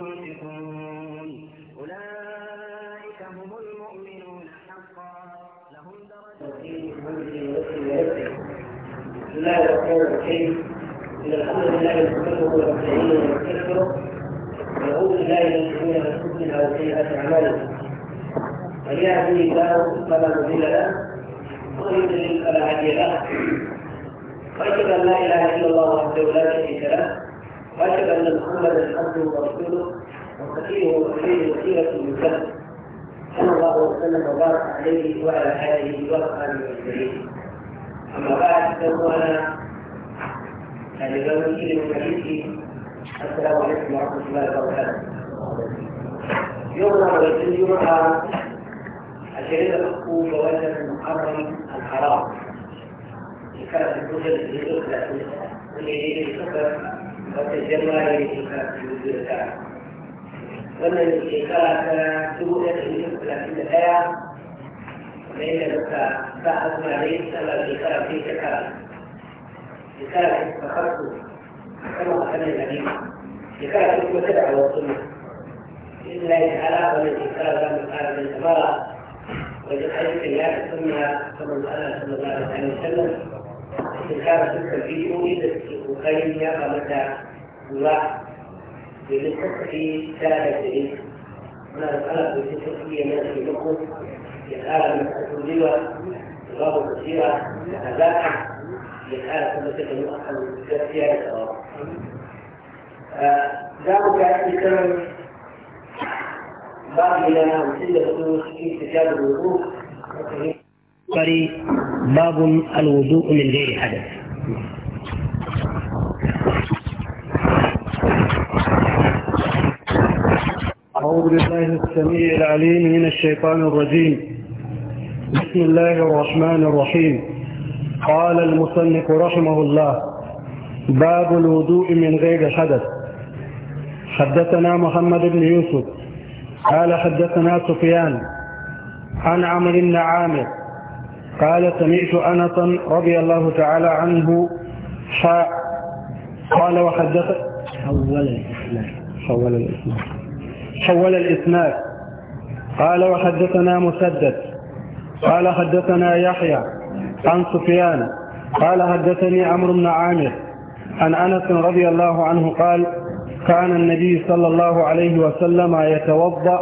ينفقون أولئك هم المؤمنون حقا لهم درجات بسم الله الرحمن الرحيم إن الحمد لله نحمده ونستعينه ونستغفره ونعوذ بالله من شرور أنفسنا وسيئات أعمالنا من يهده الله فلا مضل له ومن يضلل فلا هادي له وأشهد أن لا إله إلا الله وحده لا شريك له واشهد ان محمدا عبده ورسوله وصفيه وخير وسيله من صلى الله وسلم وبارك عليه وعلى اله واصحابه اجمعين اما بعد انا اليوم الدين المجيد السلام عليكم ورحمه الله وبركاته يوم ويوم يوم الشريعة تحكم جوازه المحرم الحرام لكانت الكتب اللي تخلق اللي هي الكتب وتجلى إليه في وجودها ومن الشيخات سوء الحجب لكن الحياة ليس لك بعض ما ليس كما الشيخات في شكاية شكاية فخرته كما كان النبي شكاية المتبع والسنة بإذن الله تعالى ومن الشيخات من قال من تبارك وجد حديث الله السنة صلى الله عليه وسلم الشيخات لا للفقه ثلاثة دليل هنا مسألة في آه، الفقهية من في الفقه مسألة مسألة الربا غاب كثيرة متابعة للحالة التي تتمكن فيها الثواب ذلك بسبب بعضنا لنا أمثلة في استجابة الوضوء باب الوضوء من غير حدث أعوذ بالله السميع العليم من الشيطان الرجيم بسم الله الرحمن الرحيم قال المصنف رحمه الله باب الوضوء من غير حدث حدثنا محمد بن يوسف قال حدثنا سفيان عن عمر بن عامر قال سمعت أنسا رضي الله تعالى عنه قال وحدث حول الإسلام حول الإسلام حول الإسناد قال وحدثنا مسدد قال حدثنا يحيى عن سفيان قال حدثني عمرو بن عامر عن أنس رضي الله عنه قال كان النبي صلى الله عليه وسلم يتوضأ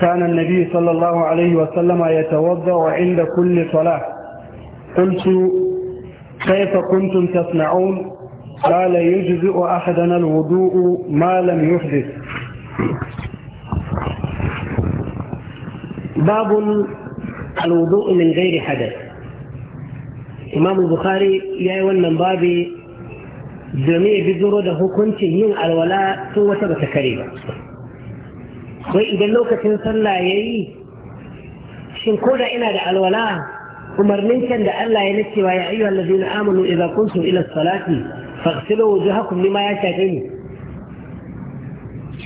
كان النبي صلى الله عليه وسلم يتوضأ عند كل صلاة قلت كيف كنتم تصنعون قال يجزئ أحدنا الوضوء ما لم يحدث باب الوضوء من غير حدث إمام البخاري يا wannan babi domin ya da hukuncin yin alwala tun wata bata kare ba wai idan lokacin sallah yayi shin ko da ina da alwala umarnin can da Allah ya na cewa ya ayyuha allazina amanu idza kuntum ila salati faghsilu wujuhakum lima yashaqini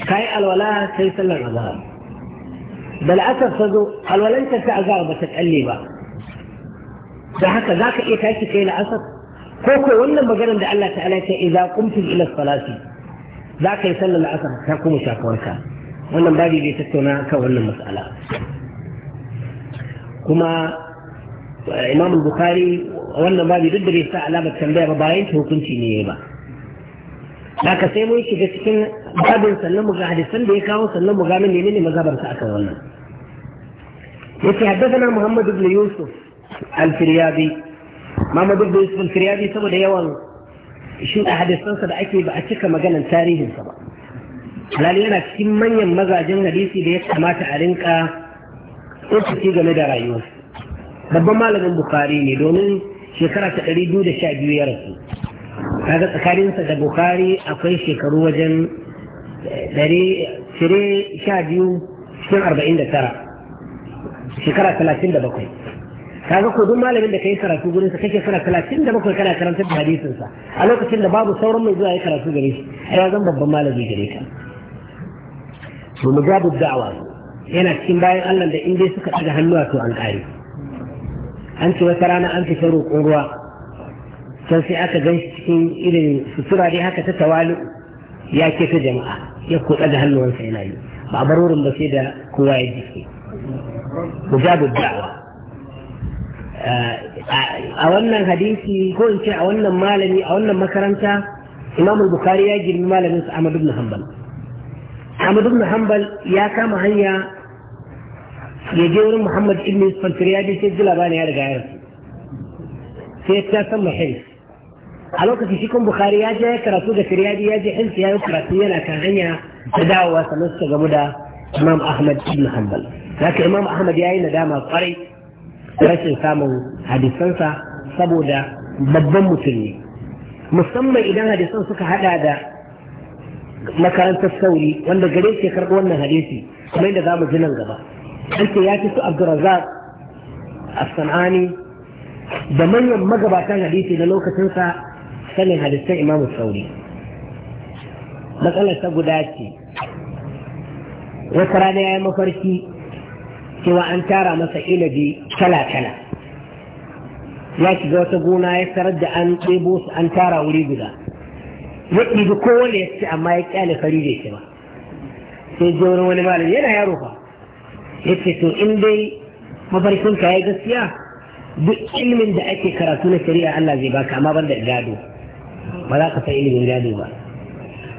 kai alwala sai sallar azhar da la'asar ta zo alwalantar ta azahar ba ta kalle ba da haka za ka iya tashi kai la'asar ko wannan maganar da Allah ta'ala ta idza qumtum ila salati za ka yi sallar la'asar ta kuma shafawarka wannan babi bai tattauna kan wannan mas'ala kuma eh, imam bukhari wannan babi duk da bai sa alamar tambaya ba bayan ta hukunci ne ba haka sai mun shiga cikin babin sannan mu ga hadisan da ya kawo sannan mu ga menene ne mazabarsa akan wannan yake haddathana Muhammad ibn Yusuf al-Firyabi Muhammad ibn Yusuf al-Firyabi saboda yawan da hadisan sa da ake ba a cika maganan tarihinsa ba halali yana cikin manyan mazajen hadisi da ya kamata a rinka tsokaci game da rayuwarsa babban malamin Bukhari ne domin shekara ta 212 ya rasu kaga tsakaninsa da bukari akwai shekaru wajen eh, dare cire sha biyu cikin arba'in da tara shekara talatin da bakwai kaga ko duk malamin da ka yi karatu gurin sa kake kana talatin da bakwai kana karanta da hadisin sa a lokacin da babu sauran mai zuwa ya karatu gare shi ai zan babban malami gare ka to mujabu da'wa yana cikin bayan Allah da in dai suka daga hannuwa to an kare an ce wata rana an fita roƙon ruwa can sai aka gan shi cikin irin sutura dai haka ta tawalu ya ke ta jama'a ya kuɗa da hannuwansa yana yi ba a bar wurin ba sai da kowa ya jike mujabu da'wa a wannan hadisi ko in ce a wannan malami a wannan makaranta imam bukari ya girmi malamin sa amadu ibn hanbal amadu ibn hanbal ya kama hanya ya je wurin muhammad ibn isfantir ya je sai ji labarin ya riga ya rasu sai ta san mahaifi a lokacin shi kun bukari ya je ya karatu da firyadi ya je hinsu ya yi karatu yana kan hanya da dawowa sannan suka gamu da imam ahmad ibn hanbal haka imam ahmad ya yi nadama kwarai rashin samun hadisansa saboda babban mutum ne musamman idan hadisan suka hada da makarantar sauri wanda gare shi karɓi wannan hadisi kuma yadda za mu ji nan gaba an ce ya fi su abdurazak as-sanani da manyan magabatan hadisi na lokacinsa sanin hadisan imamu sauri matsalar ta guda ce wata rana ya yi mafarki cewa an tara masa inabi kala-kala ya shiga wata gona ya tarar da an ɗebo su an tara wuri guda ya ɗibi kowane ya ce amma ya ƙyale fari da shi ba sai je wani wani malami yana yaro fa ya ce to in dai mafarkin ya gaskiya duk ilimin da ake karatu na shari'a Allah zai baka amma ban da gado ba za ka san ilimin gado ba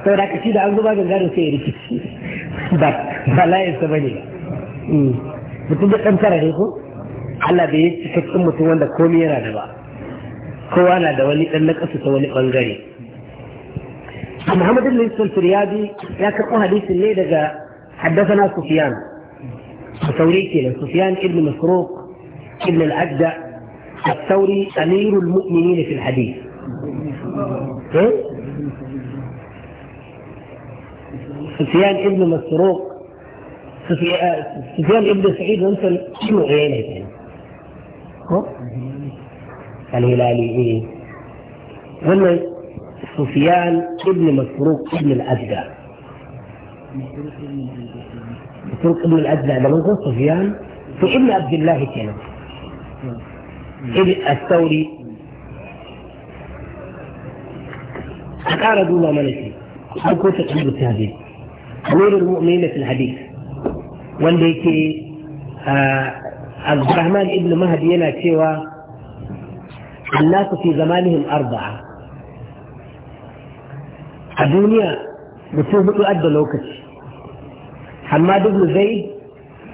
sau da ka ci da an zuba da gado sai ya rikici ba ba layinsa ba ne mutum da ɗan tara ne ko Allah bai yi cikakken mutum wanda komai yana da ba kowa na da wani ɗan nakasu ta wani ɓangare Muhammad ibn Yusuf Firyadi ya karɓo hadisin ne daga حدثنا سفيان الثوري كده سفيان ابن مسروق ابن الأجدع الثوري أمير المؤمنين في الحديث سفيان ابن مسروق آه، سفيان ابن سعيد وانت شنو عينه يعني الهلالي ايه هم سفيان ابن مسروق ابن الأجدع مسروق ابن الأجدع لما نقول سفيان ابن عبد الله كان الثوري أعرضوا ما ملكي حكوا تحب التهديد أمير المؤمنين في الحديث وليك آه عبد الرحمن ابن مهدي هنا سوى الناس في زمانهم أربعة الدنيا بتوه أدى لوكس حماد بن زيد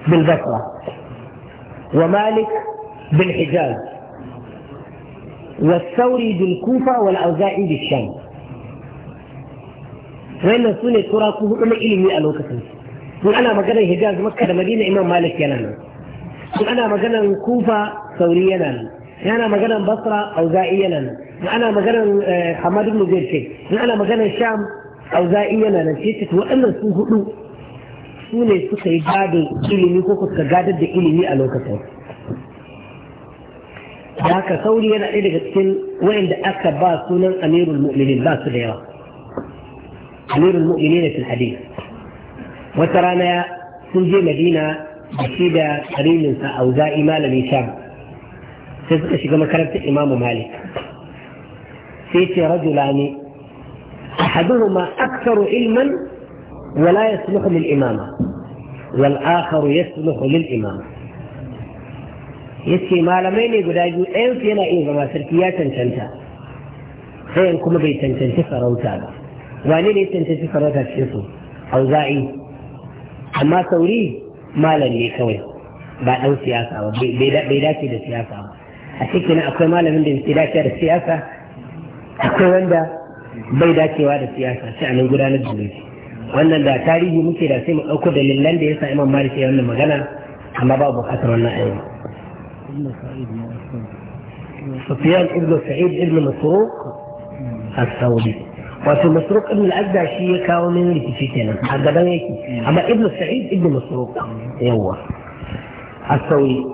بالبصرة ومالك بالحجاز والثوري بالكوفة والأوزاعي بالشام wannan su ne ku hudu na ilimi a lokacin in ana maganar hijaz makka da madina imam malik yana nan ana maganar kufa sauri yana nan in ana maganar basra auza'i yana nan su ana maganar eh, hamad ibn zaid ana maganar sham auza'i yana nan sai ta waɗannan su hudu su ne suka yi gado ilimi ko kuka gadar da ilimi a lokacin da haka sauri yana ɗaya daga cikin wa'inda aka ba sunan amirul mu'minin ba su da yawa امير المؤمنين في الحديث وترانا تنجي مدينه بشيدا قريب من او دائما لميشام تزكشي كما كانت الامام مالك في رجلان احدهما اكثر علما ولا يصلح للامامه والاخر يصلح للامامه yake malamai ne يقول biyu ɗayansu yana iya zama sarki ya cancanta sai kuma bai cancanci wane ne cancanci farata cikin su auza'i amma sauri malam ne kawai ba ɗan siyasa ba bai dace da siyasa ba a cikin akwai malamin da ke dace da siyasa akwai wanda bai dacewa da siyasa sai a nan gudanar da mulki wannan da tarihi muke da sai mu ɗauko dalilan da ya sa imam malik ya wannan magana amma ba buƙatar wannan ayyuka سفيان ابن سعيد ابن مسروق الثوري وفي مسروق ابن الأجدعشية كاو من اللي تفيتنا هذا بنيتي أما ابن سعيد ابن مسروق هو السوي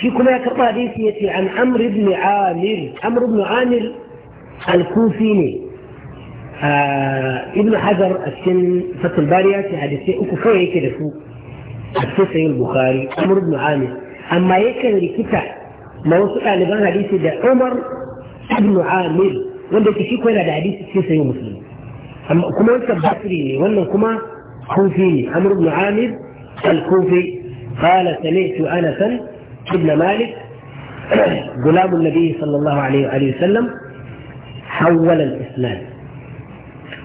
في كل هذا حديث عن أمر بن عامر أمر بن عامر الكوفيني آه، ابن حجر السن فت البارية في حديثه أكفوا هيك دفو السفي البخاري أمر بن عامر أما يكن لكتا ما وصل لبعض حديث ده عمر ابن عامر wanda yake shi ko yana da hadisi cikin sayi musulmi kuma wancan basri ne wannan kuma kufi ne amr ibn amir al-kufi qala sami'tu anas ibn malik غلام النبي صلى الله عليه وآله وسلم حول الإسلام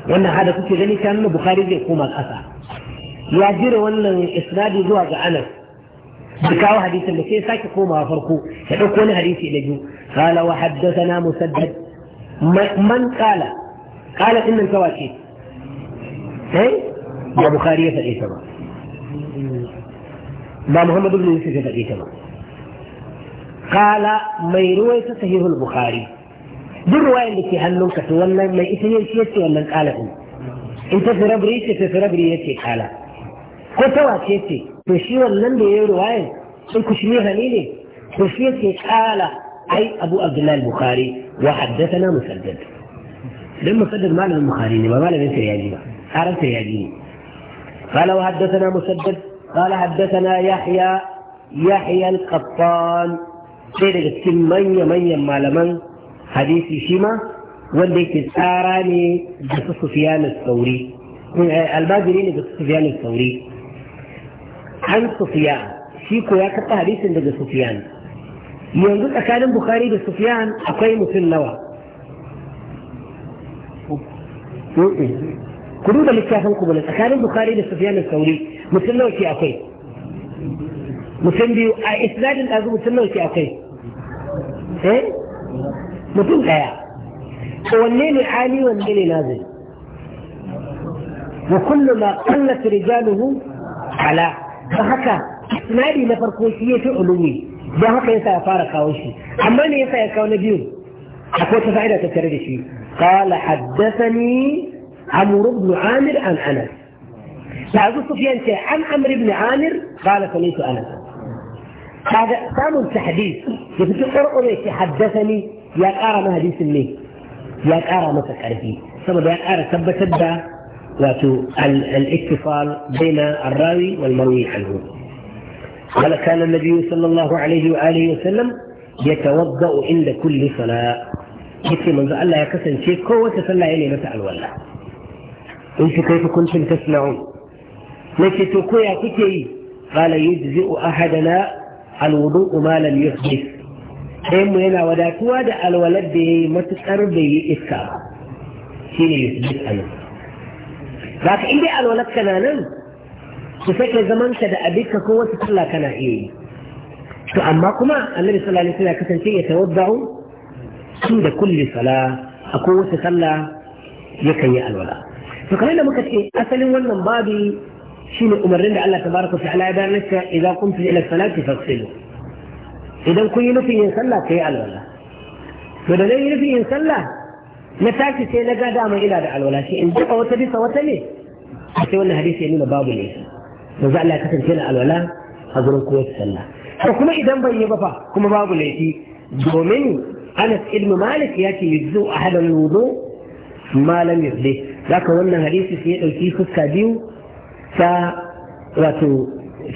وأن هذا كنت غني كان البخاري يقوم الأثر ya jira wannan isnadi zuwa ga anas da kawo hadisin da sai sake komawa farko ya ɗauko wani hadisi da biyu qala wa haddathana musaddad man kala kala din nan tawa ce eh? ya faɗe ta ba muhammadu bin ya faɗe ta ba kala mai ruwaita sahihul bukhari duk ruwayan da ke hannunka to wannan mai ita ne shi yace wannan kala din in ta firabri ce ta firabri yace kala ko ta wace to shi wannan da yayi ruwayan in kushmi hani ne to shi yace kala أي أبو عبد الله البخاري وحدثنا مسدد لما مسدد ما له البخاري ما له من ياجيبة عرفت ياجيبة قال وحدثنا مسدد قال حدثنا يحيى يحيى القطان سيد الكتن من يمن يما من حديث شيما والذي تساراني بس سفيان الثوري الباجرين بس سفيان الثوري عن سفيان شيكو يا كتا حديث عند سفيان yanzu tsakanin bukari da sufyan akwai mutum nawa ku duba littafin ku bane tsakanin bukari da sufyan da sauri mutum nawa ke akwai mutum biyu a isnadin ɗazu mutum nawa ke akwai eh mutum ɗaya to wanne ne ali wanne ne nazari وكل ما haka رجاله na farko shi yake ulumi don haka yasa ya fara kawo shi amma me yasa ya kawo na biyu akwai ta fa'ida ta tare da shi qala haddathani amr ibn amir an anas yanzu sufyan ce an amr ibn amir qala sami'tu anas kaga samun tahdid ya fito qur'ani ce haddathani ya ƙara ma hadisin ne ya ƙara masa ƙarfi saboda ya ƙara tabbatar da wato al-ittifal baina ar-rawi wal marwi anhu قال كان النبي صلى الله عليه وآله وسلم يتوضأ عند كل صلاة yace manzo Allah ya kasance kowace sallah ya nemi ta alwala in shi kai kuntum tasna'un nake to ko ya kuke yi qala yujzi'u ahadana alwudu'u ma lam yuhdith sai mu yana wadatuwa da alwalar da yayi matukar bai yi iska ba shine yuhdith anan ku sake zamanka da abinka ko wasu sallah kana iya yi to amma kuma annabi sallallahu alaihi wasallam kasance ya tawadda'u da kulli sala a kowace sallah yakan yi alwala to kamar da muka ce asalin wannan babi shine umarnin da Allah tabaraka ta'ala ya bayar naka idan kuntu ila salati fasilu idan kun yi nufin yin sallah kai alwala to da yi nufin yin sallah na tashi sai na ga dama ila da alwala shi in duka wata bisa wata ne sai wannan hadisi ya nuna babu ne manzo Allah ya kasance na alwala a gurin ta sallah to kuma idan bai yi bafa kuma babu laifi domin Anas ibn Malik ya ce yuzu ahadan wudu ma lam yusli zaka wannan hadisi sai ya ɗauki fuska biyu ta wato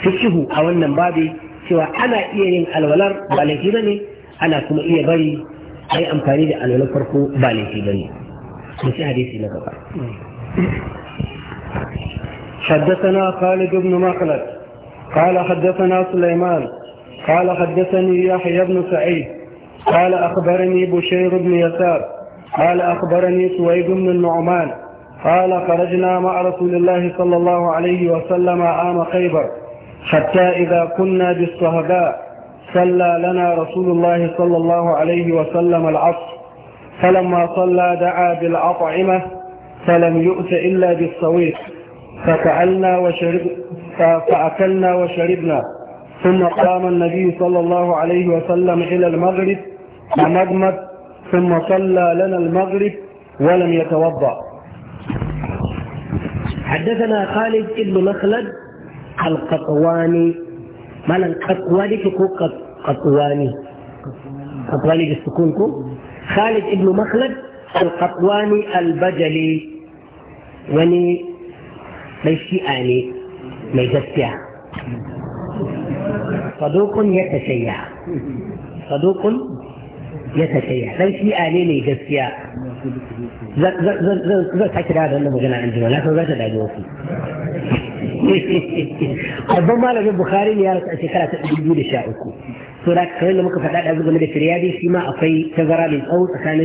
fikihu a wannan babi cewa ana iya yin alwalar ba laifi bane ana kuma iya bari ai amfani da alwalar farko ba laifi bane. Mutum hadisi na gaba. حدثنا خالد بن مخلد قال حدثنا سليمان قال حدثني يحيى بن سعيد قال أخبرني بشير بن يسار قال أخبرني سويد بن النعمان قال خرجنا مع رسول الله صلى الله عليه وسلم عام خيبر حتى إذا كنا بالصهباء صلى لنا رسول الله صلى الله عليه وسلم العصر فلما صلى دعا بالأطعمة فلم يؤت إلا بالصويت ففعلنا وشرب فأكلنا وشربنا ثم قام النبي صلى الله عليه وسلم إلى المغرب فمجمد ثم صلى لنا المغرب ولم يتوضأ حدثنا خالد بن مخلد القطواني معنى القطواني تكون قطواني قطواني بالسكونكم خالد بن مخلد القطواني البجلي وني 没西安的，没得家。佛都坤也得西呀，佛都坤也得西呀，没西安的没得家。这这这这这才起来的，那么跟他安住了，那时候才来的。أبو مالك البخاري يا رسول الله كلا تجيبوا لشاؤكم. سورة كلمة كفتاة أبو مالك الريادي فيما أطي تزرى للأول أكان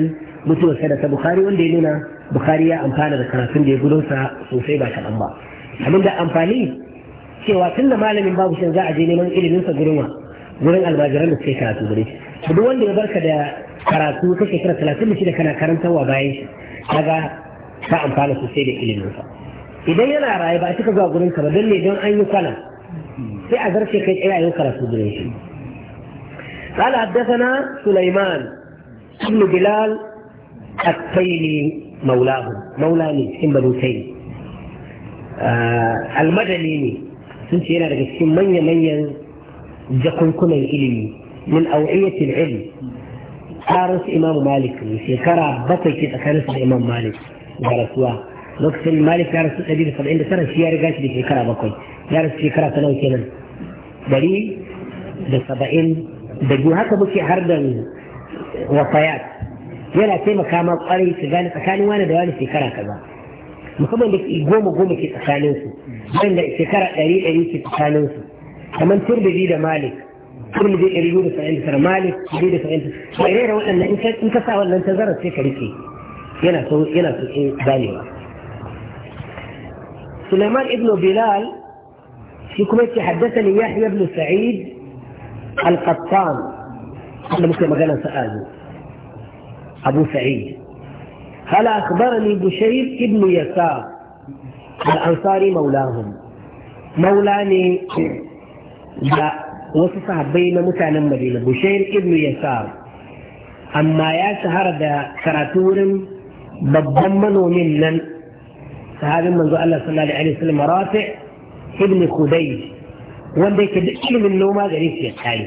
mutuwar sadaka bukhari wanda ya nuna bukhari ya amfana da karatun da ya gudunsa sosai ba kaɗan ba abin da amfani cewa tun da malamin babu shan za a je neman ilimin sa gurin wa gurin almajiran da suke karatu gure shi duk wanda ya barka da karatu ta shekara talatin da shida kana karantarwa bayan shi kaga ka amfana sosai da ilimin sa idan yana raye ba a cika zuwa gurin ka ba don ne don an yi kwalam sai a zarce kai tsaye a yi karatu gure shi قال حدثنا سليمان بن بلال التيمي مولاه مولاني almadani sun ce yana daga cikin manya-manyan jakunkunan ilimi min au'iyyatil ilm tsarin su imamu malik shekara bakwai ke tsakanin su imam malik da rasuwa lokacin malik ya rasu ɗari da saba'in da tara shi ya riga shi da shekara bakwai ya rasu shekara ta nawa kenan da saba'in da haka muke har yana taimaka ma kwarai su gane tsakanin wani da wani shekara kaza musamman da goma goma ke tsakanin su wanda shekara ɗari ɗari ke tsakanin su kamar turbidi da malik turbidi ɗari biyu da saba'in da tara malik ɗari da saba'in da tara ire da waɗannan in ka sa wannan tazarar sai ka rike yana so yana so in ganewa سليمان ابن بلال في كويت حدثني يحيى بن سعيد القطان هذا مسلم قال سأله أبو سعيد قال أخبرني بشير ابن يسار الأنصاري مولاهم مولاني لا وصفها بين متعنى المدينة بشير ابن يسار أما يا سهر دا كراتور بضمنوا منا فهذا من ذو الله صلى الله عليه وسلم رافع ابن خديج وانده كدئشل من نوما غريس يتعي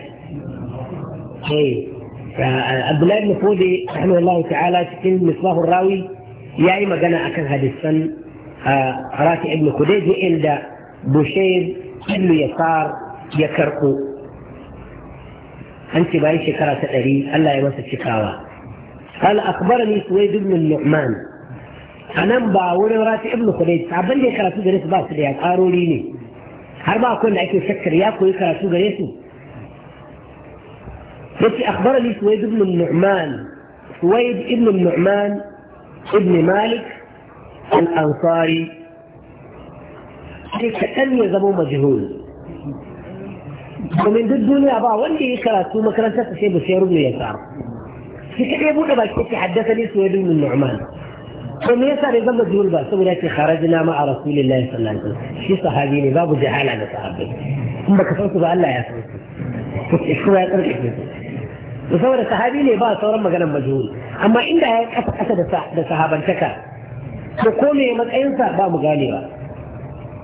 ايه فعبد الله بن فودي رحمه الله تعالى تكن مصباح الراوي يا إما جنا أكن هذه السن قرأت آه ابن خديج عند بوشير كل يسار يكرقو أنت باي شكرة تأري الله يمسك شكاوة قال أخبرني سويد بن النعمان أنا مباور ورأت ابن خديج عبد الله كرا تدرس باس ليه قارو ليني هربا أكون أكل شكر ياكو يكرا تدرسه يبكي أخبرني سويد بن النعمان سويد بن النعمان ابن مالك الأنصاري كأن يزمو مجهول ومن ضد الدنيا بقى واللي كراتو ما كراتو شيء بشير بن يسار في كأن يبوك بقى حدثني سويد بن النعمان ومن يسار يزمو مجهول بقى سويد خرجنا مع رسول الله صلى الله عليه وسلم في صحابي باب جهال على صحابي ثم كفرت بقى لا يا سويد شو يا تركي يصور الصحابي لي بقى صور مجال مجهول اما عند اسد الصحابه انتكى حكومي ما تنسى بقى مغالبا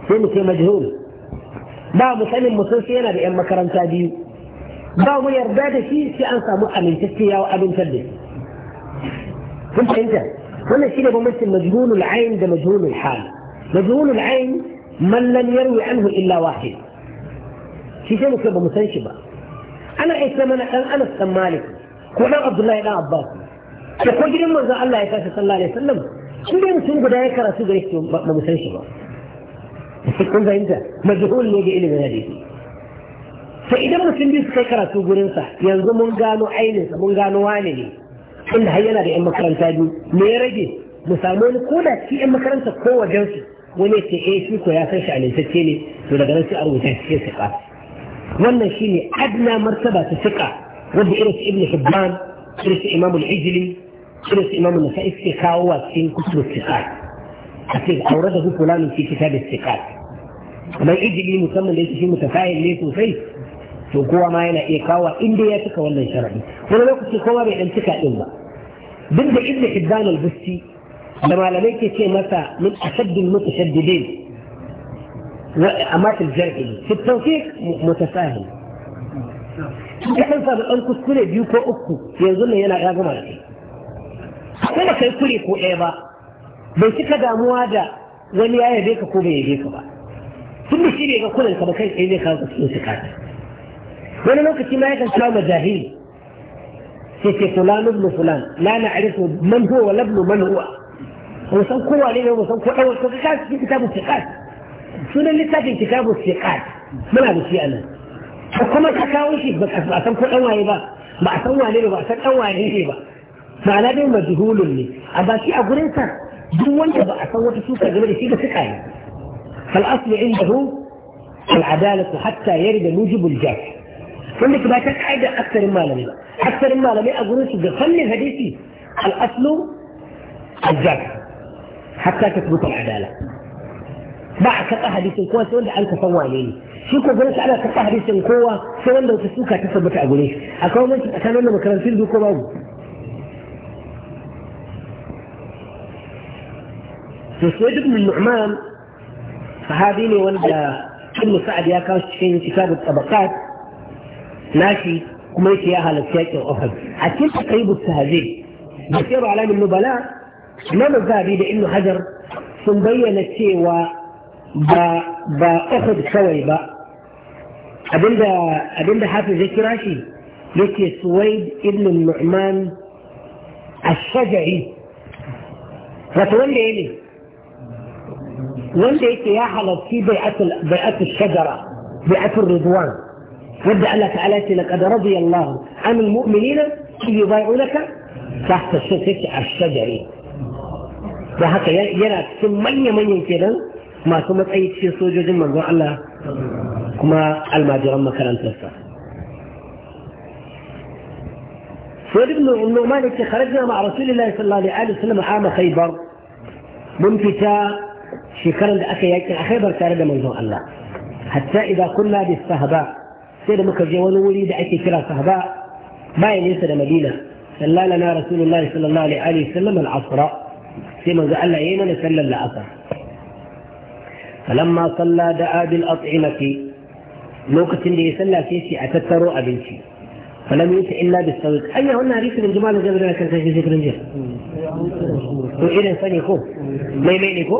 فين في مجهول بقى مسلم مسلسي انا بأم مكرم ساديو بقى مو يرداد شيء في انسى مؤمن تسكي او ابن تبدي فين انت وانا الشيء اللي بمثل مجهول العين ده مجهول الحال مجهول العين من لم يروي عنه الا واحد في شيء مسلم مسلسي بقى ana isa mana dan anas dan malik ko dan abdullahi dan abbas da ko gidan manzon Allah ya tashi sallallahu alaihi wasallam shi ne mutum guda ya karatu gare shi ba mu san shi ba kun fahimta majhul ne ga ilimin hadisi sai idan mutum bi suka karatu gurin sa yanzu mun gano ainin sa mun gano wane ne inda har yana da yan makaranta biyu me ya rage mu samu wani ko da ci yan makaranta ko wajen su wani ce eh shi ko ya san shi alintacce ne to daga nan sai a rubuta shi sai ka wannan shine adna martaba ta fiqa wanda irin su ibnu hibban irin su imamu al-ijli irin su imamu nasa'i suke kawo wa cikin kutubus siqat a ce aure da hukun lamin fi kitabus siqat kamar ijli musamman da yake shi mutafa'il ne sosai to kowa ma yana iya kawo inda ya cika wannan sharadi wani lokaci kowa bai dan cika din ba duk da ibnu hibban al-busti da malamai ke ce masa min ashaddul mutashaddidin أما في الجرح في التوثيق متفاهم kasan sababbin kuskure biyu ko uku yanzu ne yana gago mara kai akwai da kai kure ko ɗaya ba bai cika damuwa da wani ya yabe ka ko bai yabe ka ba tun da shi ne ga kunan ka ba kai tsaye zai kawo ka cikin shikata wani lokaci ma yakan kawo majahili sai ce fulan ibn fulan la na arifu man huwa wa labnu man huwa ba san kowa ne ba san ko ɗan wasu ka kasu cikin kitabun shikata sunan littafin kitabu siqat muna da shi a nan ko kuma ka kawo shi ba a san ko dan waye ba ba a san wane ne ba a san dan waye ne ba ma'ana dai majhulun ne a ba shi a gurin sa duk wanda ba a san wata suka game da shi ga suka ne fal aslu indahu al adalatu hatta yarda mujibu al jahl wanda ba ta kaida aksarin malami ba aksarin malami a gurin su ga fannin hadisi al aslu al jahl hatta tathbuta al adala ba a karɓa hadisin kowa sai wanda an ka san wane ne shi ko gwamnati ana karɓa hadisin kowa sai wanda wata suka ta tabbata a gure shi akwai wani tsakanin wannan makarantun biyu ko babu to sai duk min nu'man sahabi ne wanda ibnu sa'ad ya kawo cikin kitabut tabaqat nashi kuma yake ya halarci yakin uhud a cikin taqribus sahabi da sayar alamin nubala na zabi da ibnu hajar sun bayyana cewa ba ba uhud kawai ba abinda abinda hafiz ya kira shi yake suwaid ibn nu'man ash-shaja'i wato wanda ya ne wanda yake ya halarci bai'atul shajara bai'atul ridwan ودع الله تعالى لقد رضي الله عن المؤمنين يبايعونك تحت الشجر الشجري da haka yana cikin manya-manyan kenan ما masu matsayi cikin sojojin manzon Allah ما almajiran makarantarsa سعيد بن النعمان التي خرجنا مع رسول الله صلى الله عليه وسلم عام خيبر منفتا شكرا لأخي خيبر تارد منظور الله حتى إذا كنا بالصهباء سيد مكرجي ونولي دعيتي كلا صهباء باين يسد مدينة صلى لنا رسول الله صلى الله عليه وسلم العصر سيما قال لنا ينا نسلم العصر falamma salla da'a bil at'imati lokacin da ya salla sai shi a tattaro abinci falam illa bis sawiq ayya wannan hadisi min jimal jabir na kan sai zikirin jiya to irin sani ko mai mai ne ko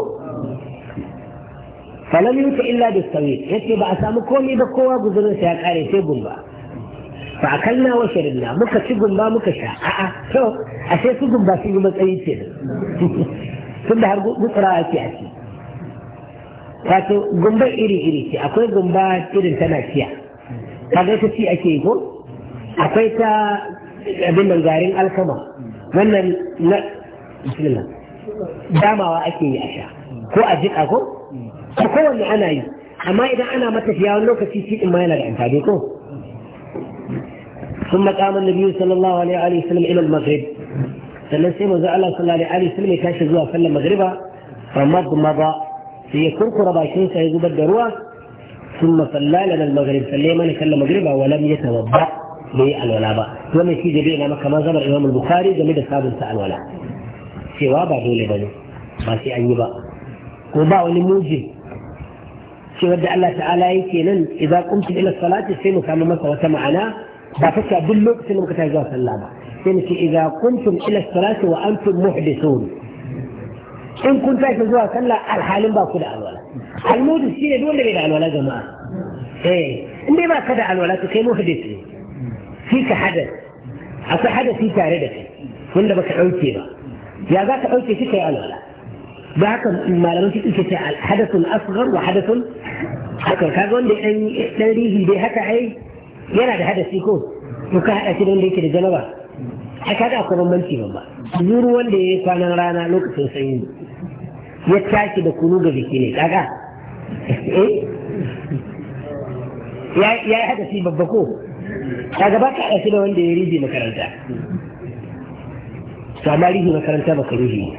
falam yuta illa bis sawiq yace ba a samu komai ba kowa guzurin sa ya kare sai a fa akalna wa sharinna muka ci gumba muka sha a'a to su gumba sun tunda har gutsura a ci wato gumba iri-iri ce akwai gumba irin tana siya kaga ta ci ake ko akwai ta abin nan garin alkama wannan na bismillah damawa ake yi a sha ko a jika ko ko kowanne ana yi amma idan ana matafiya wani lokaci shi din ma yana da amfani ko ثم قام النبي صلى الله عليه وآله وسلم إلى المغرب sannan sai manzo Allah sallallahu alaihi wasallam ya tashi zuwa sallar magriba fa ba. هي كركرة باشين سيقو بدروا ثم صلى لنا المغرب صلى ما نسل المغرب ولم يتوضا لي الولاء ثم في جبينا مكة ما زال الإمام البخاري جميل الثابت الساعة ولا في وابا ولي بني ما في أي با وباء لموجه سوى الله تعالى يكينا إذا قمت إلى الصلاة سينو كما مكة وتمعنا بعدك أدلوك سينو مكة تعجوها صلى إذا قمتم إلى الصلاة وأنتم محدثون in kun tashi zuwa sallah alhalin ba ku da alwala almudu shi ne wanda bai da alwala jama'a eh in dai ba ka da alwala to kai muhdis ne shi ka hadas akwai hadasi tare da kai wanda baka dauke ba ya za ka dauke shi kai alwala ba haka malaman shi suke ce hadathun asghar wa hadathun haka kaga wanda dan dan rihi dai haka ai yana da hadasi ko to ka hada shi da wanda yake da janaba ai kaga akwai bambanci ba. zuru wanda ya yi kwanan rana lokacin sanyi ya tashi da kunu ga jiki ne kaga eh? ya yi haka shi babba ko kaga ba ka ɗauki da wanda ya rije makaranta to amma rije makaranta baka rige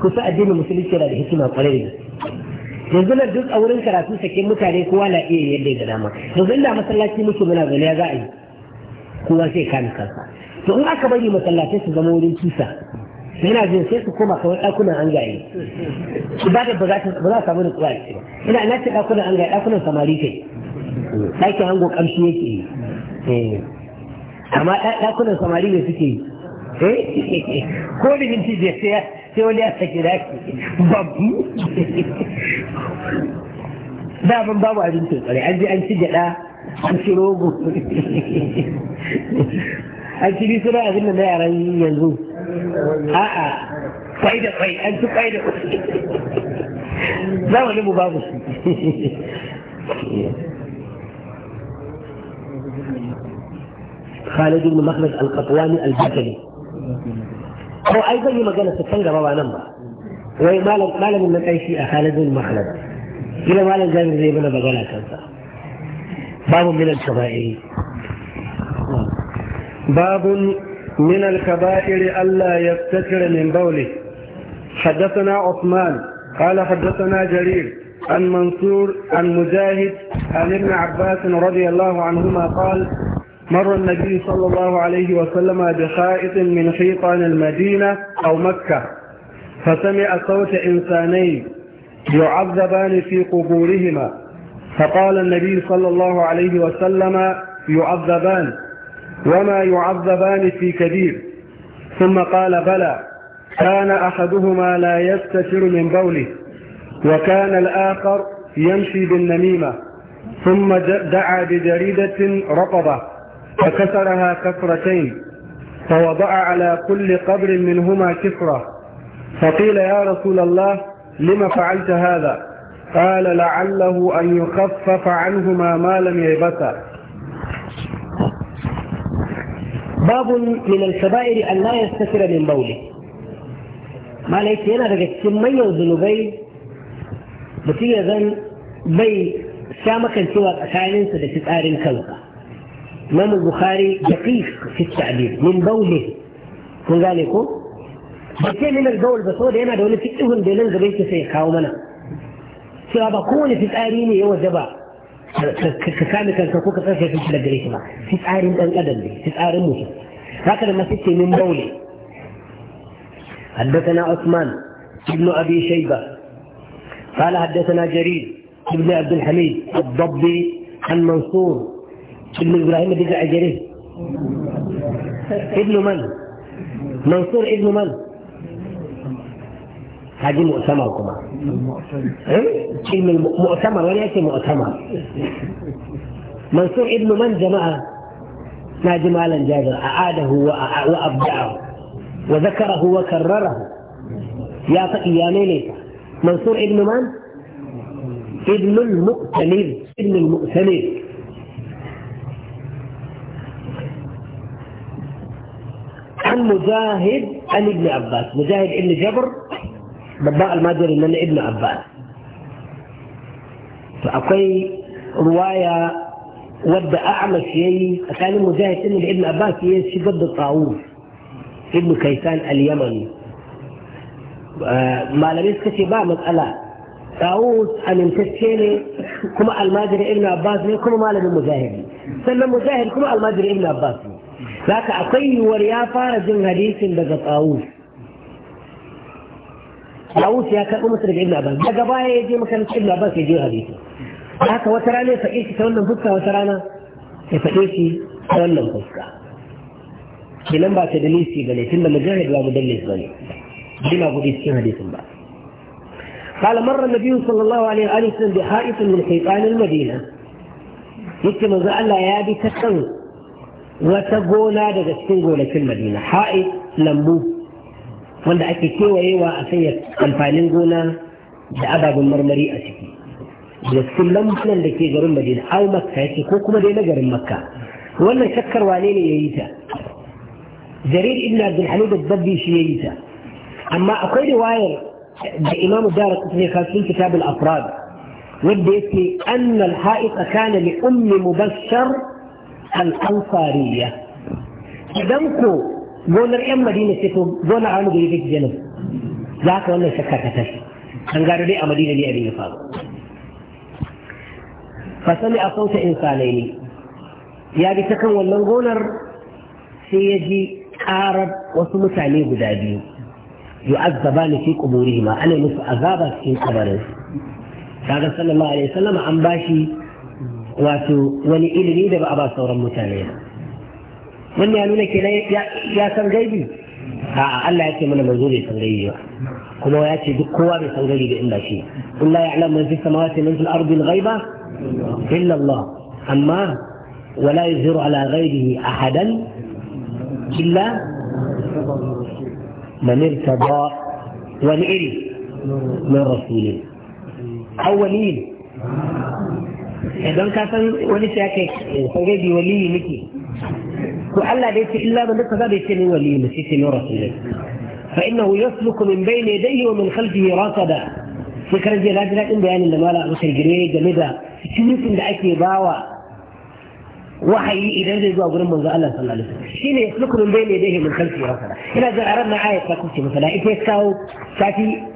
kusa addinin musulunci yana da hikima kwarai da yanzu na duk a wurin karatu sakin mutane kowa na iya yadda ya dama yanzu inda masallaci muke muna gani ya za a yi kowa sai kame kansa to in aka bari masallacin su zama wurin kisa yana jin sai su koma kawai ɗakunan an gaye ibadar ba za a samu nutsuwa ce ba ina ina ce ɗakunan an gaye ɗakunan samari kai ɗakin hango ƙamshi yake yi eh. amma ɗakunan samari ne suke yi eh? ko da minti je sai wani ya sake daki babu da ban babu abincin tsare an je an ci gyaɗa an ci rogo an ci bisira abin da na yaran yanzu آه آه. da kwai an su kwai da kwai خالد بن مخلد القطواني البجلي هو ايضا يما قال ستين بابا نمبر وي ما لم من من اي شيء خالد بن مخلد الى لم جابر زي ما انا بقول كنسا باب من الكبائر باب من الكبائر ألا يفتكر من بوله حدثنا عثمان قال حدثنا جرير عن منصور عن مجاهد عن ابن عباس رضي الله عنهما قال مر النبي صلى الله عليه وسلم بخائط من حيطان المدينة أو مكة فسمع صوت إنسانين يعذبان في قبورهما فقال النبي صلى الله عليه وسلم يعذبان وما يعذبان في كبير ثم قال بلى كان أحدهما لا يستشر من بوله وكان الآخر يمشي بالنميمة ثم دعا بجريدة رطبة فكسرها كسرتين فوضع على كل قبر منهما كسرة فقيل يا رسول الله لم فعلت هذا قال لعله أن يخفف عنهما ما لم ييبسا باب من الكبائر أن لا يستتر من بوله ما ليس ينا daga cikin manyan zunubai mutum zan bai sha makancewa tsakaninsa da fitsarin kansa imam bukhari daqiq fi ta'bir min bawli kun gane ko ba ce min al-bawl ba saboda yana da wani fiqhun da nan gaba yake sai ya kawo mana cewa ba kowane fitsari ne ya waje ba. تسامي كان كوكا فاشل في الحلقة ليش ما تسعى رمضة الأدم دي هكذا لما تسعي من بولي حدثنا عثمان ابن أبي شيبة قال حدثنا جرير ابن عبد الحميد الضبي عن منصور ابن إبراهيم بن جرير ابن من؟ منصور ابن من؟ هذه مؤتمر كما كلمة إيه؟ مؤتمر وليس مؤتمر منصور ابن من جمع ما جمالا جابر أعاده وأبدعه وذكره وكرره يا يا ليس منصور ابن من؟ ابن المؤتمر ابن المؤتمر عن مجاهد عن ابن عباس مجاهد ابن جبر babban almajirin nan na ibn abbas to akwai ruwaya wadda a'amash yayi tsakanin mujahid din da ibn abbas ya shigar da tawuf ibn kaisan al-yamani malamai suka ce ba matsala tawus amintacce ne kuma almajirin ibn abbas ne kuma malamin mujahid sannan mujahid kuma almajirin ibn abbas ne zaka akwai yiwuwar ya fara jin hadisin daga tawus Dawud ya karɓi masa daga Ibn Abbas daga baya ya je makarantar Ibn Abbas ya je hadisi haka wata rana ya faɗe shi ta wannan fuska wata rana ya faɗe shi ta wannan fuska kenan ba ta da dalisi ba ne tunda mujahid ba mudallis ba ne bima buɗe cikin hadisin ba قال مر النبي صلى الله عليه وآله وسلم بحائط من حيطان المدينة yake manzo Allah ya bi ta kan wata gona daga cikin gonakin Madina ha'i lambu wanda ake kewayewa a sanya amfanin gona da ababen marmari a ciki da cikin lambunan da ke garin madina au makka yake ko kuma dai na garin makka wannan shakkar wane ne ya yi ta jarir ibn abdul hamid al-dabbi shi ya yi ta amma akwai riwayar da imamu dara ne kafin kitab al-afrad wanda yake anna al-ha'it kana li ummi mubashshar al-ansariyya idan ko gonar yan madina ce to gona a wani gari da ganin za ka wannan shakka ta tashi an gano dai a madina ne abin ya faru fa sami a sauta insanai ne ya bi ta kan wannan gonar sai ya ji ƙarar wasu mutane guda biyu azaba ni fi ma ana musu azaba cikin kabarin kaga sallallahu alaihi wasallam an bashi wato wani ilimi da ba a ba sauran mutane ba wannan ya nuna kenan ya san gaibi a'a Allah ya ce mana manzo bai san gaibi ba kuma ya ce duk kowa bai san gaibi ba illa shi in la ya'lam man fi samawati man fil ardi al-ghaiba illa Allah amma ولا يظهر على غيره أحدا إلا من ارتضى ونعرف من رسوله أولين idan ka san wani sai aka eh, san gaibi waliyi nake وعلى بيت إلا من لقى بيت من ولي نسيت نورة الليل فإنه يسلك من بين يديه ومن خلفه رصدا فكرة جي لاجل لكن بيان لما لا أخشى الجريه جميدا كنت عند أكي باوا وحي إذا جزء أقول من ذا الله صلى الله عليه وسلم شين يسلك من بين يديه ومن خلفه رصدا إذا جاء عربنا آية تكوتي مثلا إذا يستاو ساتي